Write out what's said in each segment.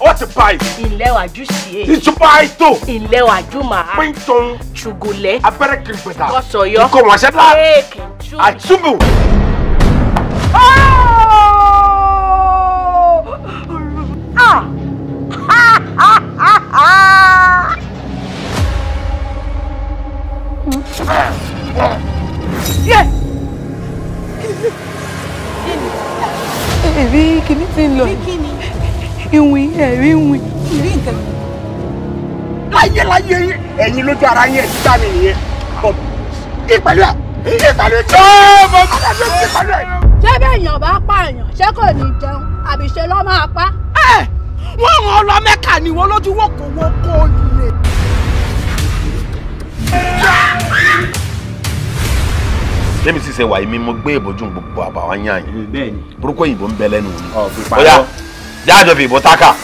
ó ti báyìí. ilé wàjú sí e. ìtúpa ètò. ilé wàjú màá. pínton. ṣùgùlẹ̀. abẹ́rẹ́ kìrìpẹ̀tà. kọ́sọ̀yọ́. ìkọ̀wọ̀nsẹ́dá. kéèkì tún. àtúbù. Ah! Ah! Ah! Ah! Ah! Èbí kìíní ti ń lọ. Bí kìíní ìwìn ẹ̀rí ìwìn ìrí nǹkan. láyé láyé ẹ̀yin lójú ara yín ẹ̀ síta mi nìyẹn ìpàdé ìpàdé tó mọ kọ́kọ́ tó ti pàdé. ṣé bẹ́ẹ̀yàn bá pààyàn ṣé kò ní jẹun àbí ṣe lọ́ máa pa. wọ́n rán ọlọ mẹ́ka níwọ lójú wò kó wọ́n kó lè. lẹ́mi sì wàyí mi mo gbé ìbòjú gbogbo àbáwá yàn yín burúkú òyìnbó ń bẹ lẹ́nu mi. ọ̀ pípa lọ. That's of Ibotaka.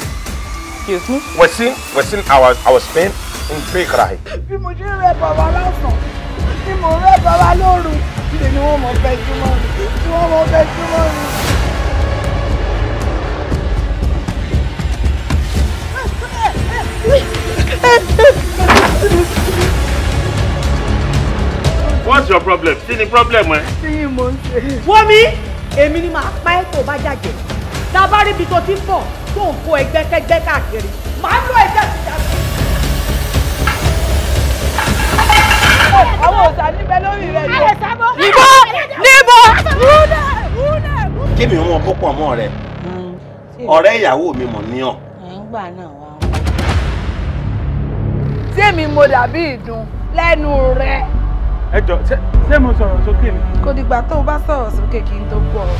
Excuse me? We're seeing, we're seeing our, our Spain Bí mo ṣe rẹ bàbá lásán, bí mo rẹ bàbá lóru, ṣe ni wọ́n mọ fẹ́ túmọ̀ ni, tí wọ́n mọ fẹ́ túmọ̀ ni. What's your problem? Kí ni problem ẹ? Eh? Kí ni mo ń ṣe? Wọ́n mi, èmi ni màá pa ẹ́ tó bá jàjẹ́ tá a bá rí ibi tó ti ń bọ̀ tó ń kó ẹgbẹ́kẹ́gbẹ́ káàkiri màá lo ẹgbẹ́ ti dà sí. àwọn òòsà níbẹ̀ lórí rẹ̀ ni. níbo níbo. kí mi ò mọ púpọ̀ mọ́ rẹ hmm. ọ̀rẹ́ ìyàwó mi mọ̀ ní ọ̀. ẹ̀ ń gbà náà wá. tèmi mo dàbí ìdun lẹ́nu rẹ̀. ẹ jọ ṣé mo sọ̀rọ̀ sókè ni. kò dìgbà tó o bá sọ̀rọ̀ sókè kí n tó gbọ́ ọ.